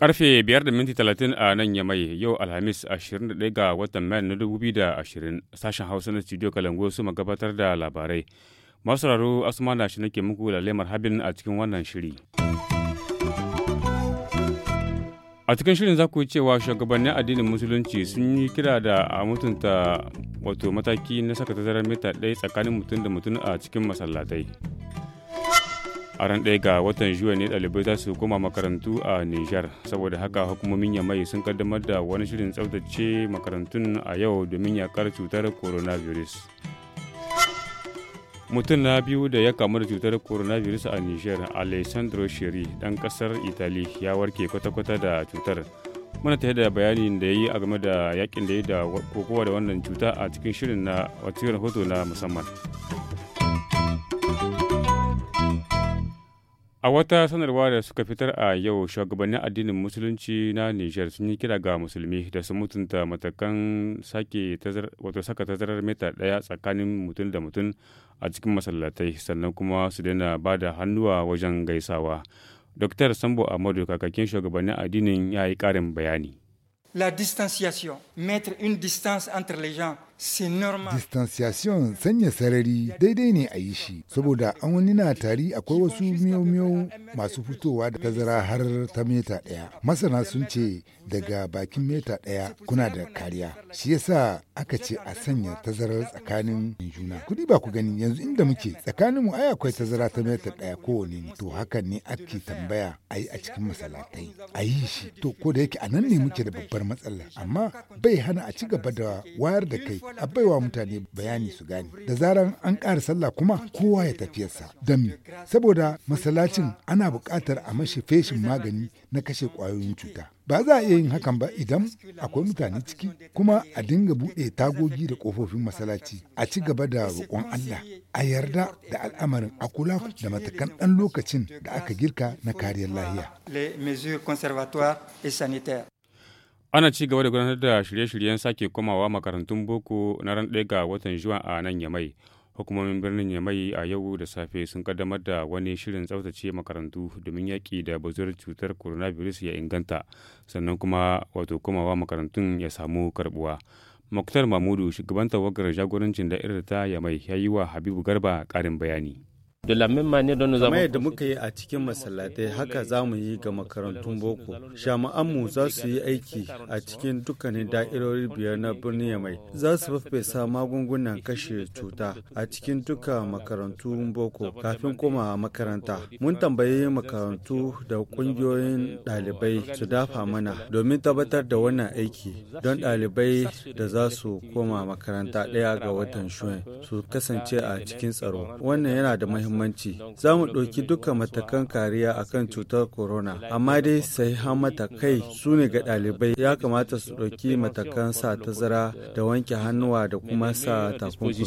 Karfe da minti talatin a nan ya mai yau Alhamis 21 ga watan Mayan na da 2020 sashen Hausa na studio Kalangu su gabatar da labarai. Masu raro asuma na shi nake muku lamar habin a cikin wannan shiri. a cikin shirin za ku yi cewa shugabannin addinin musulunci sun yi kira da a mutunta wato mataki na saka tazarar mita ɗaya tsakanin mutum da mutum a cikin masallatai a ran ɗaya ga watan juwa ne ɗalibai za su koma makarantu a nijar saboda haka hukumomin yamai sun kaddamar da wani shirin tsaftace makarantun a yau domin yakar cutar coronavirus. mutum na biyu da ya kamu da cutar coronavirus a niger alessandro shiri dan kasar italy ya warke kwata-kwata da cutar muna tare da bayanin da ya yi a game da yakin da ya yi da kokowa da wannan cuta a cikin shirin na hoto na musamman A wata sanarwa da suka fitar a yau shugabannin addinin musulunci na Nijar sun yi kira ga musulmi da su mutunta matakan sake wato saka tazarar mita ɗaya tsakanin mutum da mutum a cikin masallatai sannan kuma su daina ba da hannuwa wajen gaisawa. Dr. Sambo amadu kakakin shugabannin addinin ya yi ƙarin bayani. La distanciation, mettre une distance entre les gens distanciation sanya sarari daidai ne a yi shi saboda an wani na tari akwai wasu miyo-miyo masu fitowa da tazara har ta meta ɗaya masana sun ce daga bakin meta ɗaya kuna da kariya shi yasa aka ce a sanya tazarar tsakanin juna kudi ba ku gani yanzu inda muke tsakanin mu ai akwai tazara ta meta ɗaya kowane to hakan ne ake tambaya a yi a cikin masalatai a yi shi to ko da yake a nan ne muke da babbar matsala amma bai hana a ci gaba da wayar da kai a baiwa mutane bayani su gane da zaran an ƙara sallah kuma kowa ya tafiyarsa don mi saboda masallacin ana buƙatar a mashi feshin magani na kashe ƙwayoyin cuta ba za a iya yin hakan ba idan akwai mutane ciki kuma a dinga buɗe tagogi da ƙofofin masallaci a ci gaba da roƙon Allah a yarda da al'amarin a kula da matakan ɗan lokacin da aka girka na kariyar lahiya. ana ci gaba da gudanar da shirye-shiryen sake komawa makarantun boko na ran ɗaya ga watan juwa a nan yamai hukumomin birnin yamai a yau da safe sun kaddamar da wani shirin tsaftace makarantu domin yaƙi da bazuwar cutar coronavirus ya inganta sannan kuma wato komawa makarantun ya samu karbuwa muktar mamudu shugaban tawagar jagorancin da da'irar ta yamai ya yi wa habibu garba ƙarin bayani da la même manière dont nous yadda muka yi a cikin masallatai haka za mu yi ga makarantun boko jami'anmu za su yi aiki a cikin dukkanin da'irori biyar na birnin yamai za su fafesa magungunan kashe cuta a cikin duka makarantun boko kafin koma makaranta mun tambayi makarantu da kungiyoyin ɗalibai su dafa mana domin tabbatar da wannan aiki don ɗalibai da za su koma makaranta ɗaya ga watan shuin su kasance a cikin tsaro wannan yana da mahimmanci muhimmanci za mu ɗauki duka matakan kariya akan cutar corona amma dai sahihan matakai su ne ga ɗalibai ya kamata su ɗauki matakan sa tazara da wanke hannuwa da kuma sa takunkumi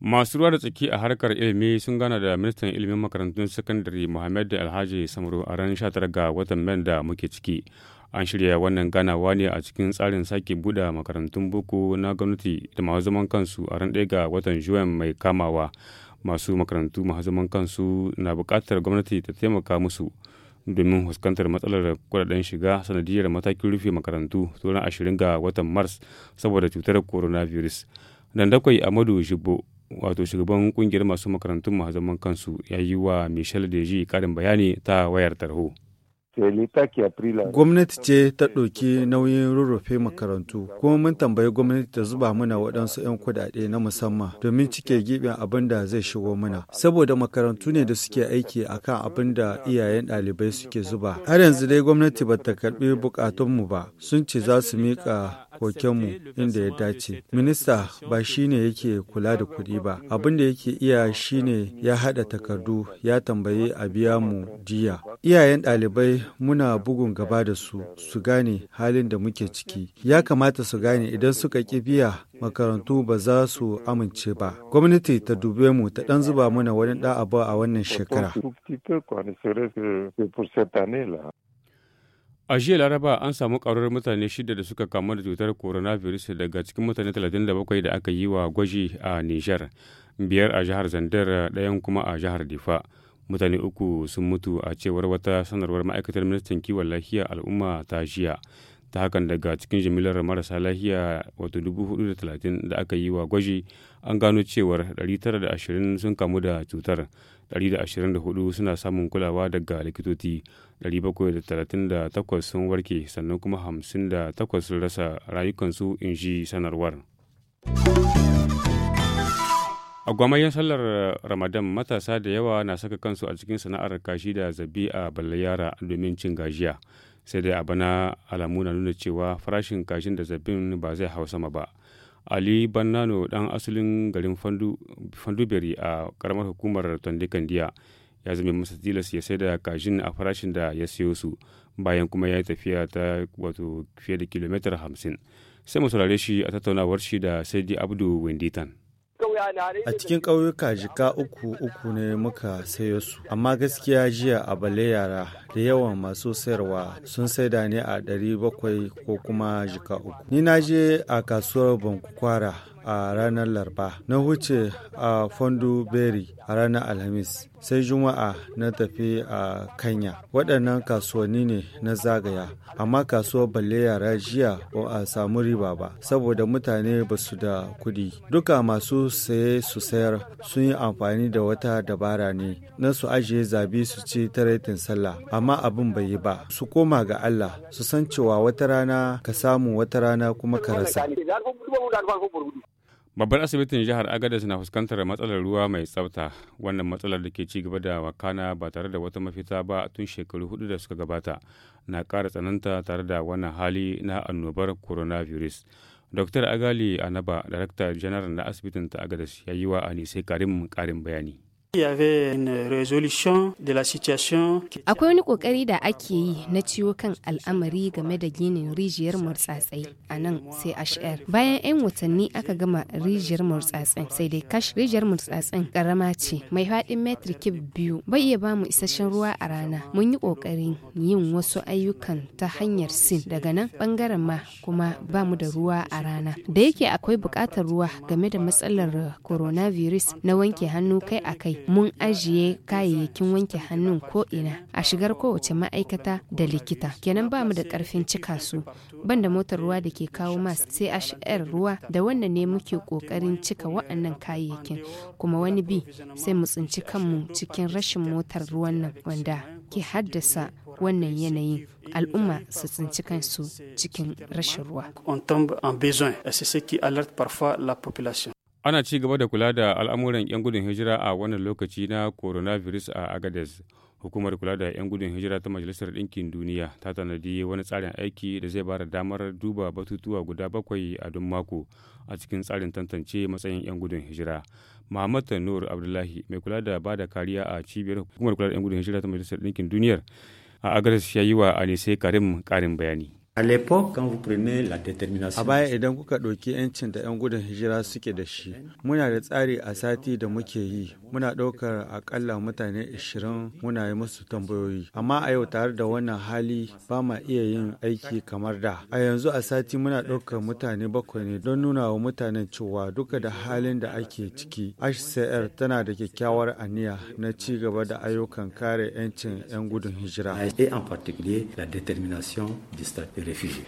Masu ruwa da tsaki a harkar ilimi sun gana da ministan ilimin makarantun sakandare muhammadu Alhaji Samro a ranar 19 ga watan Man da muke ciki. An shirya wannan ganawa ne a cikin tsarin sake buɗe makarantun boko na gwamnati da masu zaman kansu a ran 1 ga watan Juwan mai kamawa. Masu makarantu masu zaman kansu na buƙatar gwamnati ta taimaka musu domin fuskantar matsalar kudaden shiga sanadiyar matakin rufe makarantu tsoron 20 ga watan Mars saboda cutar coronavirus. Dandakwai Amadu jibo wato shugaban kungiyar masu makarantun a zaman kansu ya yi wa michel deji karin bayani ta wayar tarho. Gwamnati ce ta ɗauki nauyin rurrufe makarantu, kuma mun tambayi gwamnati ta zuba mana waɗansu 'yan kuɗaɗe na musamman domin cike giɓin abin da zai shigo mana. Saboda makarantu ne da suke aiki a kan abin da iyayen ɗalibai suke zuba. Har yanzu dai gwamnati ba ta karɓi buƙatunmu ba, sun ce za su miƙa kokenmu inda ya dace. Minista ba shi ne yake kula da kuɗi ba, abin da yake iya shi ne ya haɗa takardu ya tambayi a biya mu jiya. Iyayen ɗalibai muna bugun gaba da su su gane halin da muke ciki ya kamata su gane idan suka ƙi biya makarantu ba za su amince ba gwamnati ta dube mu ta ɗan zuba mana wani ɗa'aba a wannan shekara A jiya Laraba an samu karuwar mutane shida da suka kamu da cutar coronavirus daga cikin mutane 37 da aka yi wa gwaji a Nijar, biyar a jihar Zandar, ɗayan kuma a jihar Difa. mutane uku sun mutu a cewar wata sanarwar ma'aikatar ministan kiwon lafiya al'umma ta jiya ta hakan daga cikin jimilar marasa lafiya wato 430 da aka yi wa gwaji an gano cewar 920 sun kamu da cutar 124 suna samun kulawa daga likitoci 738 sun warke sannan kuma 58 sun rasa rayukansu in ji sanarwar. A gwamayin sallar Ramadan matasa da yawa na saka kansu a cikin sana'ar kashi da zabi a balayara domin cin gajiya. Sai dai a bana alamu na nuna cewa farashin kashin da zabin ba zai hau sama ba. Ali Bannano dan asalin garin Fanduberi a karamar hukumar Tondikandiya ya zama masa tilas ya sai da kashin a farashin da ya siyo su bayan kuma ya yi tafiya ta wato fiye da kilomita hamsin. Sai mu saurare shi a tattaunawar shi da Saidi Abdu Winditan. A cikin ƙauyuka jika uku uku ne muka sayo su, amma gaskiya jiya a bale yara da yawan masu sayarwa sun saida ne a ɗari bakwai ko kuma jika uku. Ni na je a kasuwar Banku Kwara a ranar larba na huce a fondu berry a ranar alhamis sai juma'a na tafi a kanya waɗannan kasuwanni ne na zagaya amma kasuwar balle yara jiya ba a samu riba ba saboda mutane ba su da kuɗi duka masu saye su sayar sun yi amfani da wata dabara ne na su ajiye zabi su ci taraitin sallah amma abin bai yi ba su koma ga allah su san cewa wata rana ka samu wata rana kuma ka rasa babbar asibitin jihar agadez na fuskantar matsalar ruwa mai tsafta wannan matsalar da ke ci gaba da wakana ba tare da wata mafita ba tun shekaru hudu da suka gabata na kara tsananta tare da wannan hali na annobar coronavirus dr agali anaba darakta janar na asibitin ta agadez ya yi wa anise karim karin bayani Akwai wani kokari da ake yi na ciwo kan al'amari game da ginin rijiyar murtsatsai a nan sai CHR. Bayan 'yan watanni aka gama rijiyar murtsatsai sai dai kash rijiyar murtsatsen karama ce mai faɗin metri kib biyu bai iya bamu isasshen ruwa a rana. Mun yi kokarin yin wasu ayyukan ta hanyar sin daga nan bangaren ma kuma bamu da ruwa a rana. Da yake akwai buƙatar ruwa game da matsalar coronavirus na wanke hannu kai a kai mun ajiye kayayyakin wanke hannun ko ina a shigar kowace ma'aikata da likita kenan ba mu da karfin cika su banda motar ruwa da ke kawo mas chr ruwa da wannan ne muke kokarin cika wa'annan kayayyakin kuma wani bi sai mu tsinci kanmu cikin rashin motar ruwan nan wanda ke haddasa wannan yanayin al'umma su tsinci kansu cikin rashin ruwa. On tombe en besoin, c'est ce qui alerte parfois la population. ana ci gaba da kula da al'amuran 'yan gudun hijira a wannan lokaci na coronavirus a Agadez hukumar kula da 'yan gudun hijira ta majalisar ɗinkin duniya ta tanadi wani tsarin aiki da zai bada damar duba batutuwa guda bakwai a don mako a cikin tsarin tantance matsayin 'yan gudun hijira muhammad nur abdullahi mai kula da bada kariya a cibiyar hukumar kula da 'yan gudun hijira ta majalisar ɗinkin duniyar a Agadez ya yi wa anise karim karin bayani A baya idan kuka ɗauki 'yancin da 'yan gudun hijira suke da shi, muna da tsari a sati da muke yi, muna ɗaukar akalla mutane 20 muna yi musu tambayoyi. Amma a yau tare da wannan hali ba ma iya yin aiki kamar da. A yanzu a sati muna ɗaukar mutane bakwai ne don nuna wa mutanen cewa duka da halin da ake ciki, HCR tana da kyakkyawar aniya na ci gaba da ayyukan kare 'yancin 'yan gudun hijira. la RFI.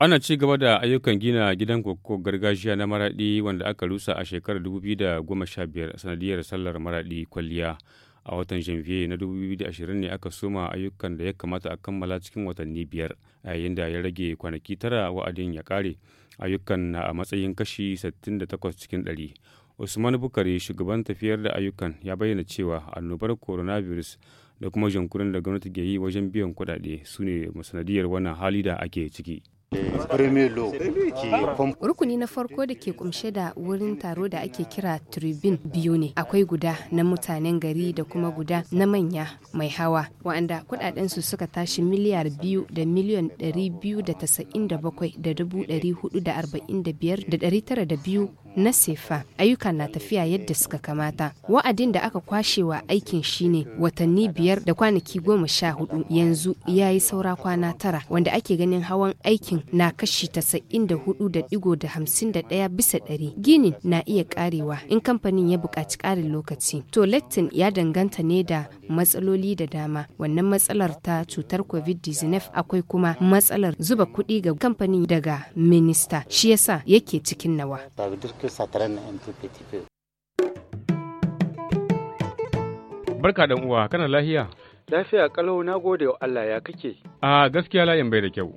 Ana ci gaba da ayyukan gina gidan koko gargajiya na maraɗi wanda aka rusa a shekarar 2015 sanadiyar sallar maraɗi kwalliya. A watan janvier na 2020 ne aka soma ayyukan da ya kamata a kammala cikin watanni biyar yayin da ya rage kwanaki tara wa'adin ya kare Ayyukan na a matsayin kashi 68 cikin ɗari Usman Bukari shugaban tafiyar da ayyukan ya bayyana cewa annobar coronavirus da kuma jankunan da gwamnati ke yi wajen biyan kuɗaɗe su ne sanadiyar wannan hali da ake ciki. Rukuni na farko da ke kumshe da wurin taro da ake kira tribune biyu ne. Akwai guda na mutanen gari da kuma guda na manya mai hawa, wa'anda kudadensu suka tashi miliyar biyu da miliyan biyu da tasa'in da bakwai da dubu dari hudu da arba'in da biyar da dari tara da biyu na sefa ayyuka na tafiya yadda suka kamata wa'adin da aka kwashe wa aikin shine watanni biyar da kwanaki goma sha hudu yanzu ya yi saura kwana tara wanda ake ganin hawan aikin na kashi tasa'in da hudu da digo da hamsin da daya bisa ɗari ginin na iya karewa in kamfanin ya buƙaci ƙarin lokaci to lattin ya danganta ne da matsaloli da dama wannan matsalar ta cutar covid-19 akwai kuma matsalar zuba kuɗi ga kamfanin daga minista shi yasa yake cikin nawa que ça traîne un tout petit peu. Barka dan uwa, kana lahiya? Lafiya kalau na gode wa Allah ya kake. A ah, gaskiya layin bai da kyau.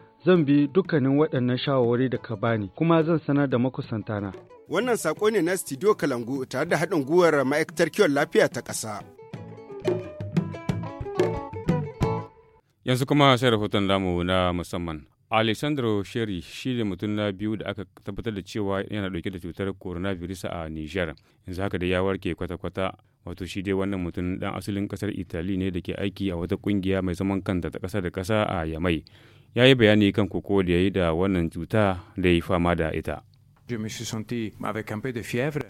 zan bi dukkanin waɗannan shawarwari da ka bani kuma zan sanar da makusantana. Wannan saƙo ne na Studio Kalangu tare da haɗin gwiwar ma'aikatar kiwon lafiya ta ƙasa. Yanzu kuma sai rahoton lamu na musamman. Alessandro Sheri shi ne mutum na biyu da aka tabbatar da cewa yana dauke da cutar coronavirus a niger Yanzu haka da ya warke kwata-kwata wato shi dai wannan mutum dan asalin kasar Italy ne da ke aiki a wata ƙungiya mai zaman kanta ta kasa da kasa a Yamai. ya yi bayani kan koko da ya yi da wannan cuta da ya yi fama da ita.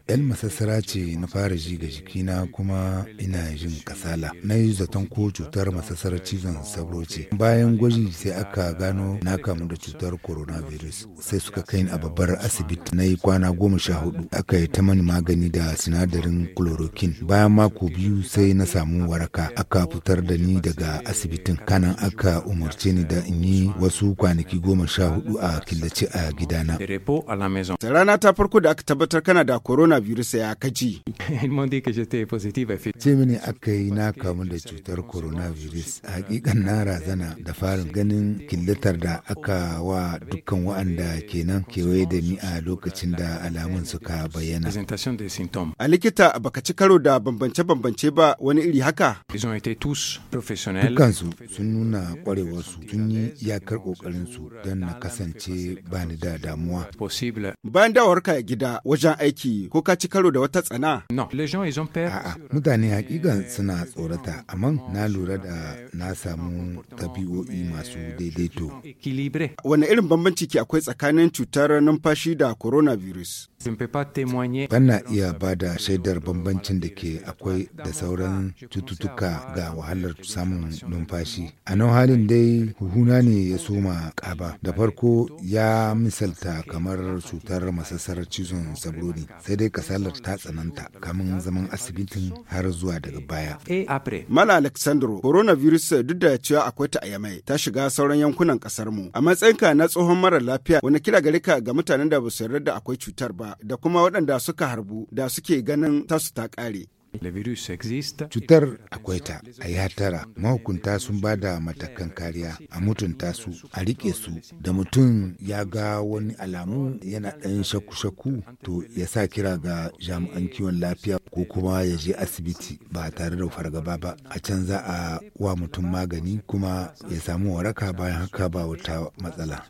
yan masassara ce na fara ji ga jikina kuma ina jin kasala na yi zaton ko cutar masassarar cizon sauro ce bayan gwaji sai aka gano na kamu da cutar coronavirus sai suka kai a babbar asibiti na yi kwana goma sha hudu aka yi ta mani magani da sinadarin chloroquine bayan mako biyu sai na samu waraka aka fitar da ni daga asibitin kanan aka umarce ni da in yi wasu kwanaki goma sha hudu a killace a gidana rana ta farko da aka tabbatar kana da coronavirus ya kaji. ce mini aka yi na kamu da cutar coronavirus hakikan na razana da farin ganin killatar da aka wa dukkan wa'anda kenan kewaye da ni a lokacin da alamun suka bayyana. A likita baka ci karo da bambance-bambance ba wani iri haka? Dukansu sun nuna kwarewarsu sun yi iyakar kokarinsu don na kasance ba da damuwa. Bayan dawarka gida wajen aiki ko ka ci karo da wata tsana? A'a, mutane hakikan euh, suna tsorata, amma na lura da na samu tabi'o'i masu euh, daidaito. Wane irin bambanci ke akwai tsakanin cutar numfashi da coronavirus? Bana iya ba da shaidar bambancin da ke akwai da sauran cututtuka ga wahalar samun numfashi. A nan halin dai huhuna ne ya soma kaba. Da farko ya misalta kamar cutar fara masassarar cizon sabro sai dai kasalar ta tsananta kamin zaman asibitin har zuwa daga baya. Eh, mal Alexandro, coronavirus duk da cewa akwai ta a ta shiga sauran yankunan kasar mu. A matsayinka na tsohon mara lafiya wani kira gare ka ga mutanen da ba su yarda da akwai cutar ba da kuma waɗanda suka harbu da suke ganin tasu ta ƙare. Cutar akwai ta a yi hatara mahukunta sun ba da matakan kariya a mutunta su a rike su da mutum ya ga wani alamu yana ɗan shaku-shaku to ya sa kira ga jami'an kiwon lafiya ko kuma ya je asibiti ba tare da fargaba ba a can za a wa mutum magani kuma ya samu waraka bayan haka ba wata matsala.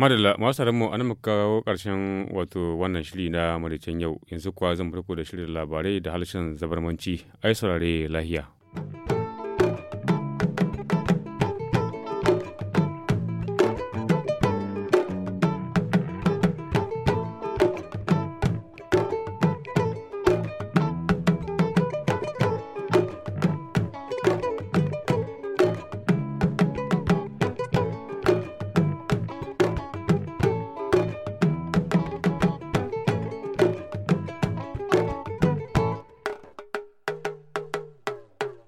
Madalla masu mu an muka kawo ƙarshen wato wannan shiri na maraicen yau yanzu kuwa zan farko da shirin labarai da harshen zabarmanci ai saurare lahiya.